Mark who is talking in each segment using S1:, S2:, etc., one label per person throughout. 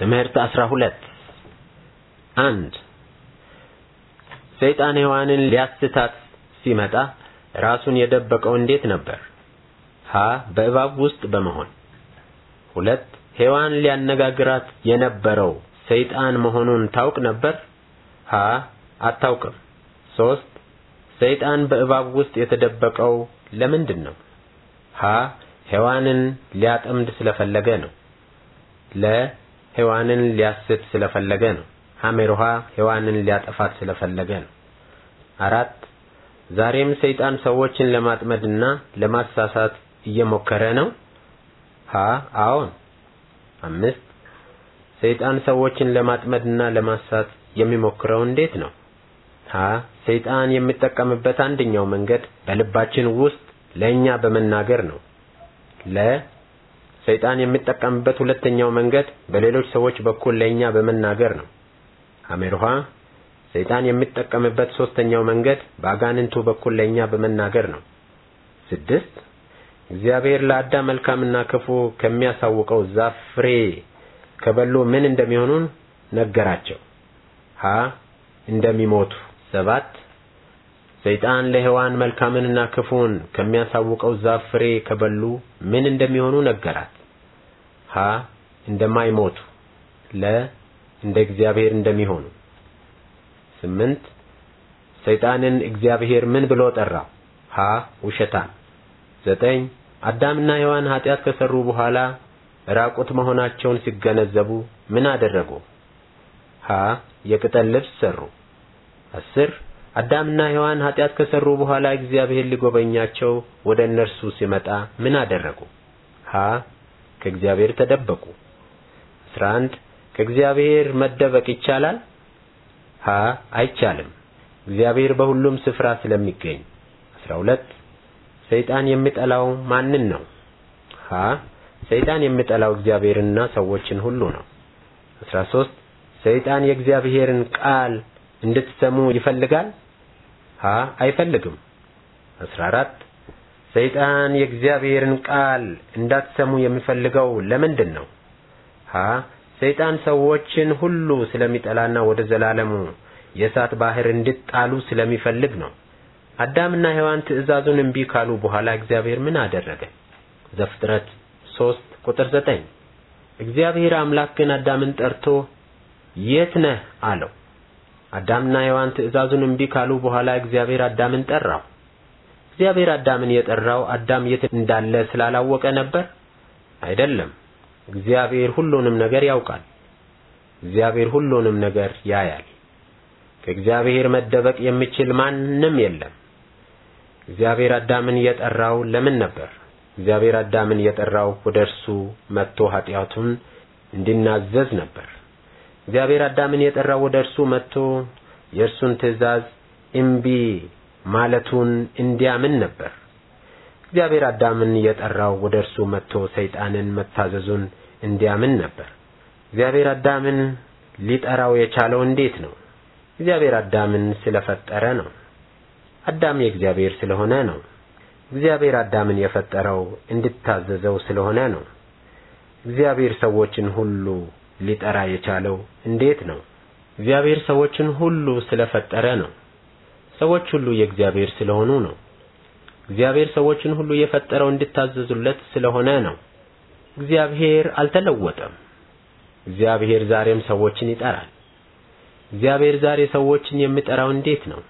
S1: ትምህርት 12 አንድ ሰይጣን ሔዋንን ሊያስታት ሲመጣ ራሱን የደበቀው እንዴት ነበር? ሀ በእባብ ውስጥ በመሆን ሁለት ሔዋን ሊያነጋግራት የነበረው ሰይጣን መሆኑን ታውቅ ነበር? ሀ አታውቅም። ሶስት ሰይጣን በእባብ ውስጥ የተደበቀው ለምንድን ነው? ሀ ሔዋንን ሊያጠምድ ስለፈለገ ነው። ለ ሔዋንን ሊያስት ስለፈለገ ነው። ሐሜሮሃ ሔዋንን ሊያጠፋት ስለፈለገ ነው። አራት ዛሬም ሰይጣን ሰዎችን ለማጥመድና ለማሳሳት እየሞከረ ነው። ሀ አዎን። አምስት ሰይጣን ሰዎችን ለማጥመድና ለማሳት የሚሞክረው እንዴት ነው? ሀ ሰይጣን የሚጠቀምበት አንደኛው መንገድ በልባችን ውስጥ ለእኛ በመናገር ነው። ለ ሰይጣን የሚጠቀምበት ሁለተኛው መንገድ በሌሎች ሰዎች በኩል ለእኛ በመናገር ነው። አሜርሃ ሰይጣን የሚጠቀምበት ሶስተኛው መንገድ በአጋንንቱ በኩል ለእኛ በመናገር ነው። ስድስት እግዚአብሔር ለአዳም መልካምና ክፉ ከሚያሳውቀው ዛፍ ፍሬ ከበሉ ምን እንደሚሆኑን ነገራቸው። ሀ እንደሚሞቱ። ሰባት ሰይጣን ለሔዋን መልካምንና ክፉን ከሚያሳውቀው ዛፍ ፍሬ ከበሉ ምን እንደሚሆኑ ነገራት። ሀ እንደማይሞቱ ለ እንደ እግዚአብሔር እንደሚሆኑ ስምንት ሰይጣንን እግዚአብሔር ምን ብሎ ጠራው? ሀ ውሸታም። ዘጠኝ አዳምና ሔዋን ኃጢአት ከሰሩ በኋላ ራቁት መሆናቸውን ሲገነዘቡ ምን አደረጉ? ሀ የቅጠል ልብስ ሰሩ። አስር አዳምና ሔዋን ኃጢአት ከሰሩ በኋላ እግዚአብሔር ሊጎበኛቸው ወደ እነርሱ ሲመጣ ምን አደረጉ? ሀ ከእግዚአብሔር ተደበቁ። 11 ከእግዚአብሔር መደበቅ ይቻላል? ሀ አይቻልም፣ እግዚአብሔር በሁሉም ስፍራ ስለሚገኝ። 12 ሰይጣን የሚጠላው ማንን ነው? ሀ ሰይጣን የሚጠላው እግዚአብሔርና ሰዎችን ሁሉ ነው። 13 ሰይጣን የእግዚአብሔርን ቃል እንድትሰሙ ይፈልጋል? ሀ አይፈልግም። 14 ሰይጣን የእግዚአብሔርን ቃል እንዳትሰሙ የሚፈልገው ለምንድን ነው? ሀ ሰይጣን ሰዎችን ሁሉ ስለሚጠላና ወደ ዘላለሙ የእሳት ባህር እንድጣሉ ስለሚፈልግ ነው። አዳምና ሔዋን ትእዛዙን እምቢ ካሉ በኋላ እግዚአብሔር ምን አደረገ? ዘፍጥረት 3 ቁጥር 9 እግዚአብሔር አምላክ ግን አዳምን ጠርቶ የት ነህ አለው። አዳምና ሔዋን ትእዛዙን እምቢ ካሉ በኋላ እግዚአብሔር አዳምን ጠራው። እግዚአብሔር አዳምን የጠራው አዳም የት እንዳለ ስላላወቀ ነበር? አይደለም። እግዚአብሔር ሁሉንም ነገር ያውቃል። እግዚአብሔር ሁሉንም ነገር ያያል። ከእግዚአብሔር መደበቅ የሚችል ማንም የለም። እግዚአብሔር አዳምን የጠራው ለምን ነበር? እግዚአብሔር አዳምን የጠራው ወደ እርሱ መጥቶ ኃጢአቱን እንዲናዘዝ ነበር። እግዚአብሔር አዳምን የጠራው ወደ እርሱ መጥቶ የእርሱን ትእዛዝ እምቢ ማለቱን እንዲያምን ነበር። እግዚአብሔር አዳምን የጠራው ወደ እርሱ መጥቶ ሰይጣንን መታዘዙን እንዲያምን ነበር። እግዚአብሔር አዳምን ሊጠራው የቻለው እንዴት ነው? እግዚአብሔር አዳምን ስለፈጠረ ነው። አዳም የእግዚአብሔር ስለሆነ ነው። እግዚአብሔር አዳምን የፈጠረው እንድታዘዘው ስለሆነ ነው። እግዚአብሔር ሰዎችን ሁሉ ሊጠራ የቻለው እንዴት ነው? እግዚአብሔር ሰዎችን ሁሉ ስለፈጠረ ነው። ሰዎች ሁሉ የእግዚአብሔር ስለሆኑ ነው። እግዚአብሔር ሰዎችን ሁሉ የፈጠረው እንድታዘዙለት ስለሆነ ነው። እግዚአብሔር አልተለወጠም። እግዚአብሔር ዛሬም ሰዎችን ይጠራል። እግዚአብሔር ዛሬ ሰዎችን የሚጠራው እንዴት ነው?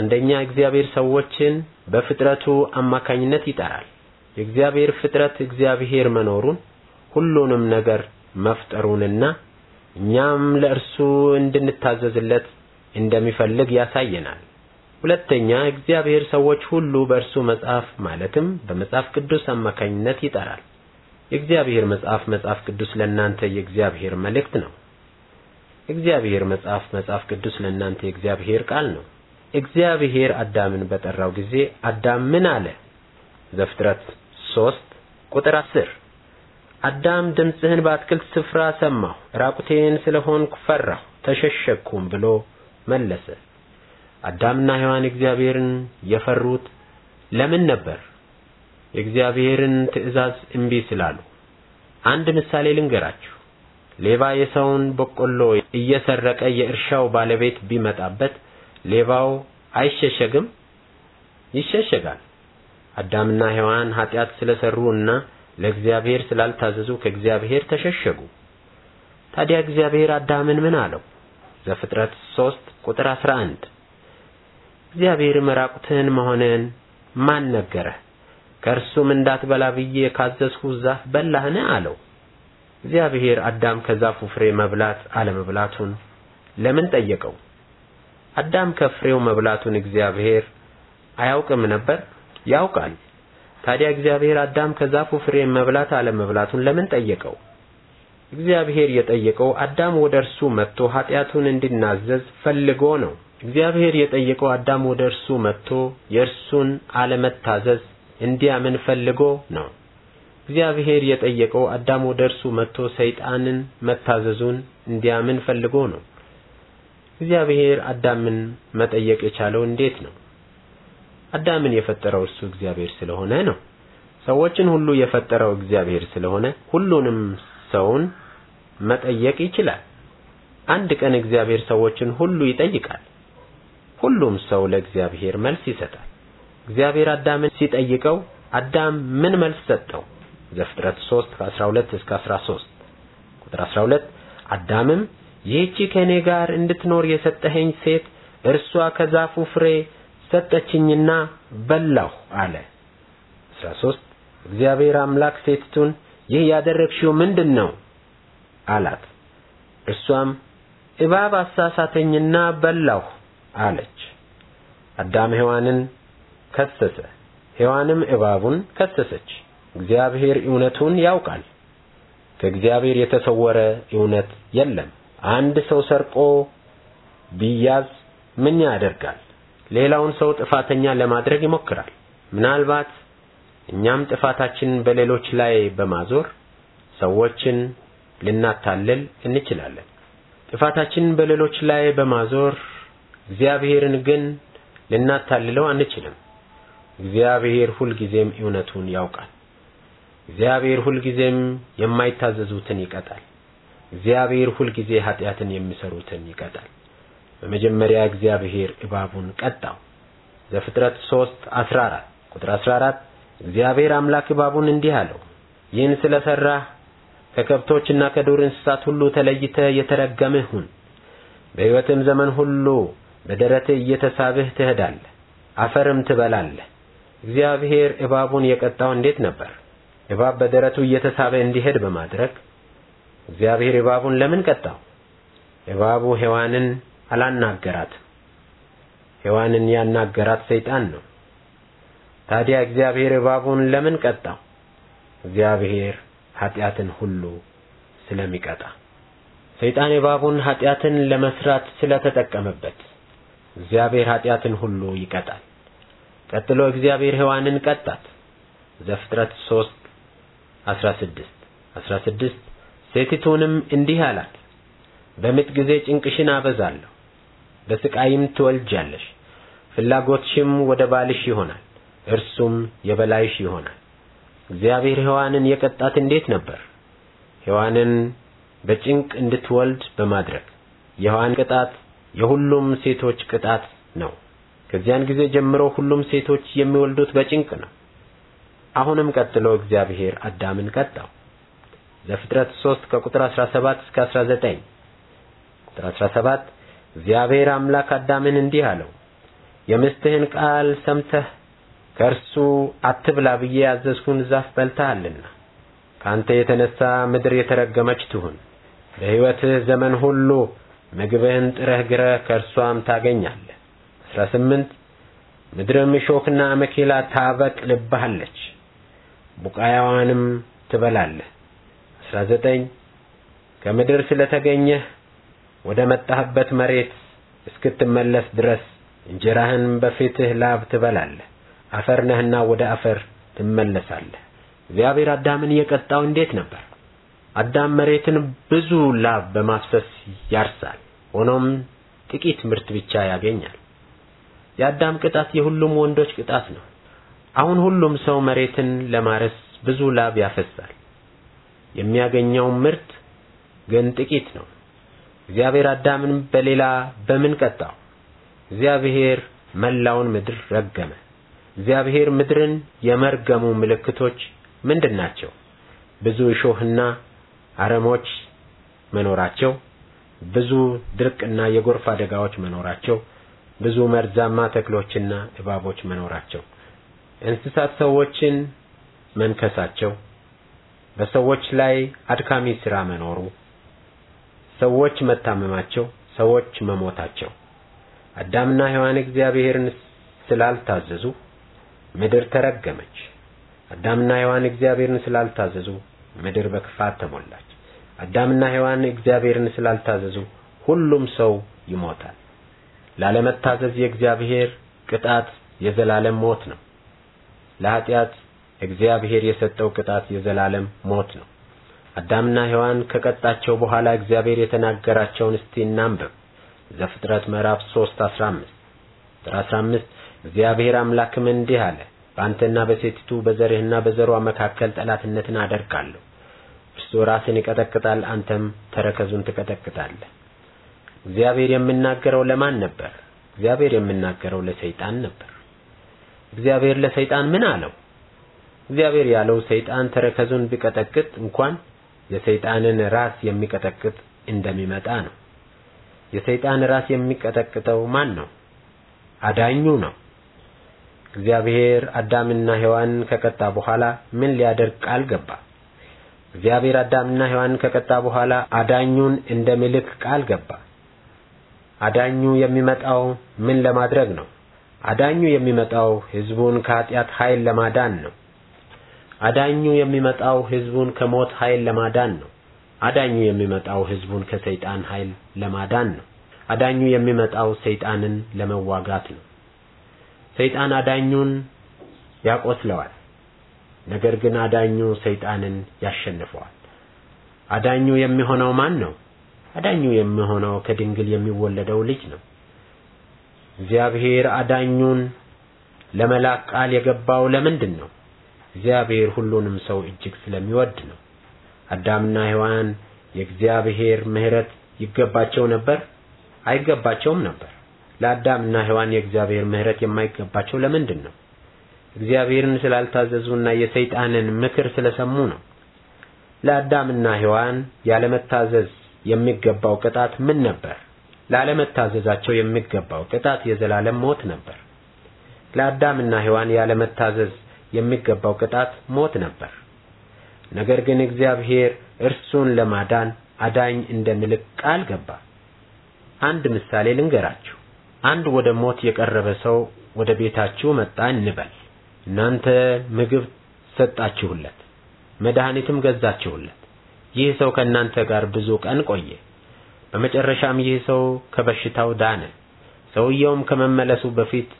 S1: አንደኛ እግዚአብሔር ሰዎችን በፍጥረቱ አማካኝነት ይጠራል። የእግዚአብሔር ፍጥረት እግዚአብሔር መኖሩን ሁሉንም ነገር መፍጠሩንና እኛም ለእርሱ እንድንታዘዝለት እንደሚፈልግ ያሳየናል። ሁለተኛ እግዚአብሔር ሰዎች ሁሉ በእርሱ መጽሐፍ ማለትም በመጽሐፍ ቅዱስ አማካኝነት ይጠራል። የእግዚአብሔር መጽሐፍ መጽሐፍ ቅዱስ ለእናንተ የእግዚአብሔር መልእክት ነው። እግዚአብሔር መጽሐፍ መጽሐፍ ቅዱስ ለእናንተ የእግዚአብሔር ቃል ነው። እግዚአብሔር አዳምን በጠራው ጊዜ አዳም ምን አለ? ዘፍጥረት 3 ቁጥር 10 አዳም ድምፅህን በአትክልት ስፍራ ሰማሁ፣ ራቁቴን ስለሆንኩ ፈራሁ፣ ተሸሸኩም ብሎ መለሰ። አዳምና ሔዋን እግዚአብሔርን የፈሩት ለምን ነበር? የእግዚአብሔርን ትእዛዝ እምቢ ስላሉ። አንድ ምሳሌ ልንገራችሁ። ሌባ የሰውን በቆሎ እየሰረቀ የእርሻው ባለቤት ቢመጣበት ሌባው አይሸሸግም? ይሸሸጋል። አዳምና ሔዋን ኃጢአት ስለሰሩ እና ለእግዚአብሔር ስላልታዘዙ ከእግዚአብሔር ተሸሸጉ። ታዲያ እግዚአብሔር አዳምን ምን አለው? ዘፍጥረት 3 ቁጥር 11 እግዚአብሔርም ራቁትህን መሆንን ማን ነገረህ? ከእርሱም እንዳትበላ ብዬ ካዘዝኩ ዛፍ በላህን? አለው። እግዚአብሔር አዳም ከዛፉ ፍሬ መብላት አለመብላቱን ለምን ጠየቀው? አዳም ከፍሬው መብላቱን እግዚአብሔር አያውቅም ነበር? ያውቃል። ታዲያ እግዚአብሔር አዳም ከዛፉ ፍሬ መብላት አለመብላቱን ለምን ጠየቀው? እግዚአብሔር የጠየቀው አዳም ወደ እርሱ መጥቶ ኃጢአቱን እንዲናዘዝ ፈልጎ ነው። እግዚአብሔር የጠየቀው አዳም ወደ እርሱ መጥቶ የእርሱን አለመታዘዝ እንዲያምን ፈልጎ ነው። እግዚአብሔር የጠየቀው አዳም ወደ እርሱ መጥቶ ሰይጣንን መታዘዙን እንዲያምን ፈልጎ ነው። እግዚአብሔር አዳምን መጠየቅ የቻለው እንዴት ነው? አዳምን የፈጠረው እርሱ እግዚአብሔር ስለሆነ ነው። ሰዎችን ሁሉ የፈጠረው እግዚአብሔር ስለሆነ ሁሉንም ሰውን መጠየቅ ይችላል። አንድ ቀን እግዚአብሔር ሰዎችን ሁሉ ይጠይቃል። ሁሉም ሰው ለእግዚአብሔር መልስ ይሰጣል። እግዚአብሔር አዳምን ሲጠይቀው አዳም ምን መልስ ሰጠው? ዘፍጥረት 3 ከ12 እስከ 13 ቁጥር 12 አዳምም ይህቺ ከእኔ ጋር እንድትኖር የሰጠኸኝ ሴት እርሷ ከዛፉ ፍሬ ሰጠችኝና በላሁ አለ። 13 እግዚአብሔር አምላክ ሴቲቱን ይህ ያደረግሽው ምንድን ነው አላት። እሷም እባብ አሳሳተኝና በላሁ አለች። አዳም ሔዋንን ከሰሰ፣ ሔዋንም እባቡን ከሰሰች። እግዚአብሔር እውነቱን ያውቃል፣ ከእግዚአብሔር የተሰወረ እውነት የለም። አንድ ሰው ሰርቆ ቢያዝ ምን ያደርጋል? ሌላውን ሰው ጥፋተኛ ለማድረግ ይሞክራል። ምናልባት እኛም ጥፋታችንን በሌሎች ላይ በማዞር ሰዎችን ልናታልል እንችላለን። ጥፋታችንን በሌሎች ላይ በማዞር እግዚአብሔርን ግን ልናታልለው አንችልም። እግዚአብሔር ሁልጊዜም እውነቱን ያውቃል። እግዚአብሔር ሁልጊዜም የማይታዘዙትን ይቀጣል። እግዚአብሔር ሁልጊዜ ኃጢአትን የሚሰሩትን ይቀጣል። በመጀመሪያ እግዚአብሔር እባቡን ቀጣው። ዘፍጥረት 3 14 ቁጥር 14 እግዚአብሔር አምላክ እባቡን እንዲህ አለው፣ ይህን ስለሰራህ ከከብቶችና ከዱር እንስሳት ሁሉ ተለይተ የተረገምህ ሁን። በሕይወትም ዘመን ሁሉ በደረትህ እየተሳብህ ትሄዳለህ፣ አፈርም ትበላለህ። እግዚአብሔር እባቡን የቀጣው እንዴት ነበር? እባብ በደረቱ እየተሳበ እንዲሄድ በማድረግ እግዚአብሔር እባቡን ለምን ቀጣው? እባቡ ሔዋንን አላናገራትም። ሔዋንን ያናገራት ሰይጣን ነው። ታዲያ እግዚአብሔር እባቡን ለምን ቀጣው? እግዚአብሔር ኃጢአትን ሁሉ ስለሚቀጣ ሰይጣን የባቡን ኃጢአትን ለመስራት ስለተጠቀመበት እግዚአብሔር ኃጢአትን ሁሉ ይቀጣል። ቀጥሎ እግዚአብሔር ሔዋንን ቀጣት። ዘፍጥረት 3 16 16 ሴቲቱንም እንዲህ አላት፣ በምጥ ጊዜ ጭንቅሽን አበዛለሁ፣ በስቃይም ትወልጃለሽ። ፍላጎትሽም ወደ ባልሽ ይሆናል፣ እርሱም የበላይሽ ይሆናል። እግዚአብሔር ሔዋንን የቀጣት እንዴት ነበር? ሔዋንን በጭንቅ እንድትወልድ በማድረግ የሔዋን ቅጣት የሁሉም ሴቶች ቅጣት ነው። ከዚያን ጊዜ ጀምሮ ሁሉም ሴቶች የሚወልዱት በጭንቅ ነው። አሁንም ቀጥሎ እግዚአብሔር አዳምን ቀጣው። ዘፍጥረት 3 ከቁጥር 17 እስከ 19 ቁጥር 17 እግዚአብሔር አምላክ አዳምን እንዲህ አለው፣ የምስትህን ቃል ሰምተህ ከእርሱ አትብላ ብዬ ያዘዝኩን ዛፍ በልተሃልና ካንተ የተነሳ ምድር የተረገመች ትሁን። በሕይወትህ ዘመን ሁሉ ምግብህን ጥረህ ግረህ ከእርሷም ታገኛለህ። አስራ ስምንት ምድርም እሾክና አመኬላ ታበቅልብሃለች፣ ቡቃያዋንም ትበላለህ። 19 ዘጠኝ ከምድር ስለተገኘህ ወደ መጣህበት መሬት እስክትመለስ ድረስ እንጀራህን በፊትህ ላብ ትበላለህ። አፈር ነህና ወደ አፈር ትመለሳለህ። እግዚአብሔር አዳምን የቀጣው እንዴት ነበር? አዳም መሬትን ብዙ ላብ በማፍሰስ ያርሳል፣ ሆኖም ጥቂት ምርት ብቻ ያገኛል። የአዳም ቅጣት የሁሉም ወንዶች ቅጣት ነው። አሁን ሁሉም ሰው መሬትን ለማረስ ብዙ ላብ ያፈሳል። የሚያገኘው ምርት ግን ጥቂት ነው። እግዚአብሔር አዳምን በሌላ በምን ቀጣው? እግዚአብሔር መላውን ምድር ረገመ። እግዚአብሔር ምድርን የመርገሙ ምልክቶች ምንድን ናቸው? ብዙ እሾህና አረሞች መኖራቸው፣ ብዙ ድርቅና የጎርፍ አደጋዎች መኖራቸው፣ ብዙ መርዛማ ተክሎችና እባቦች መኖራቸው፣ እንስሳት ሰዎችን መንከሳቸው፣ በሰዎች ላይ አድካሚ ሥራ መኖሩ፣ ሰዎች መታመማቸው፣ ሰዎች መሞታቸው አዳምና ሔዋን እግዚአብሔርን ስላልታዘዙ ምድር ተረገመች። አዳምና ሔዋን እግዚአብሔርን ስላልታዘዙ ምድር በክፋት ተሞላች። አዳምና ሔዋን እግዚአብሔርን ስላልታዘዙ ሁሉም ሰው ይሞታል። ላለመታዘዝ የእግዚአብሔር ቅጣት የዘላለም ሞት ነው። ለኃጢአት እግዚአብሔር የሰጠው ቅጣት የዘላለም ሞት ነው። አዳምና ሔዋን ከቀጣቸው በኋላ እግዚአብሔር የተናገራቸውን እስቲ እናንብብ። ዘፍጥረት ምዕራፍ 3 15 ቁጥር 15 እግዚአብሔር አምላክም እንዲህ አለ፣ በአንተና በሴቲቱ በዘርህና በዘሯ መካከል ጠላትነትን አደርጋለሁ። እርሱ ራስን ይቀጠቅጣል፣ አንተም ተረከዙን ትቀጠቅጣለህ። እግዚአብሔር የምናገረው ለማን ነበር? እግዚአብሔር የምናገረው ለሰይጣን ነበር። እግዚአብሔር ለሰይጣን ምን አለው? እግዚአብሔር ያለው ሰይጣን ተረከዙን ቢቀጠቅጥ እንኳን የሰይጣንን ራስ የሚቀጠቅጥ እንደሚመጣ ነው። የሰይጣን ራስ የሚቀጠቅጠው ማን ነው? አዳኙ ነው። እግዚአብሔር አዳምና ሔዋን ከቀጣ በኋላ ምን ሊያደርግ ቃል ገባ? እግዚአብሔር አዳምና ሔዋን ከቀጣ በኋላ አዳኙን እንደሚልክ ቃል ገባ። አዳኙ የሚመጣው ምን ለማድረግ ነው? አዳኙ የሚመጣው ሕዝቡን ከኃጢአት ኃይል ለማዳን ነው። አዳኙ የሚመጣው ሕዝቡን ከሞት ኃይል ለማዳን ነው። አዳኙ የሚመጣው ሕዝቡን ከሰይጣን ኃይል ለማዳን ነው። አዳኙ የሚመጣው ሰይጣንን ለመዋጋት ነው። ሰይጣን አዳኙን ያቆስለዋል፣ ነገር ግን አዳኙ ሰይጣንን ያሸንፈዋል። አዳኙ የሚሆነው ማን ነው? አዳኙ የሚሆነው ከድንግል የሚወለደው ልጅ ነው። እግዚአብሔር አዳኙን ለመላክ ቃል የገባው ለምንድን ነው? እግዚአብሔር ሁሉንም ሰው እጅግ ስለሚወድ ነው። አዳምና ሔዋን የእግዚአብሔር ምሕረት ይገባቸው ነበር? አይገባቸውም ነበር። ለአዳምና ሔዋን የእግዚአብሔር ምሕረት የማይገባቸው ለምንድን ነው? እግዚአብሔርን ስላልታዘዙና የሰይጣንን ምክር ስለሰሙ ነው። ለአዳምና ሔዋን ያለመታዘዝ የሚገባው ቅጣት ምን ነበር? ላለመታዘዛቸው የሚገባው ቅጣት የዘላለም ሞት ነበር። ለአዳምና ሔዋን ያለመታዘዝ የሚገባው ቅጣት ሞት ነበር። ነገር ግን እግዚአብሔር እርሱን ለማዳን አዳኝ እንደሚልክ ቃል ገባ። አንድ ምሳሌ ልንገራችሁ። አንድ ወደ ሞት የቀረበ ሰው ወደ ቤታችሁ መጣ እንበል። እናንተ ምግብ ሰጣችሁለት፣ መድኃኒትም ገዛችሁለት። ይህ ሰው ከእናንተ ጋር ብዙ ቀን ቆየ። በመጨረሻም ይህ ሰው ከበሽታው ዳነ። ሰውየውም ከመመለሱ በፊት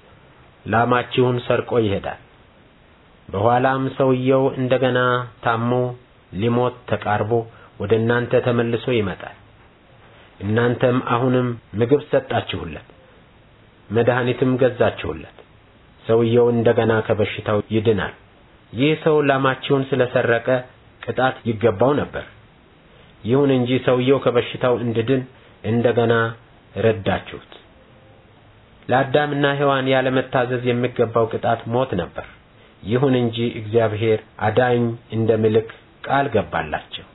S1: ላማችሁን ሰርቆ ይሄዳል። በኋላም ሰውየው እንደገና ታሞ ሊሞት ተቃርቦ ወደ እናንተ ተመልሶ ይመጣል። እናንተም አሁንም ምግብ ሰጣችሁለት መድኃኒትም ገዛችሁለት። ሰውየው እንደገና ከበሽታው ይድናል። ይህ ሰው ላማችሁን ስለሰረቀ ቅጣት ይገባው ነበር። ይሁን እንጂ ሰውየው ከበሽታው እንድድን እንደገና ረዳችሁት። ለአዳምና ሔዋን ያለመታዘዝ የሚገባው ቅጣት ሞት ነበር። ይሁን እንጂ እግዚአብሔር አዳኝ እንደሚልክ ቃል ገባላቸው።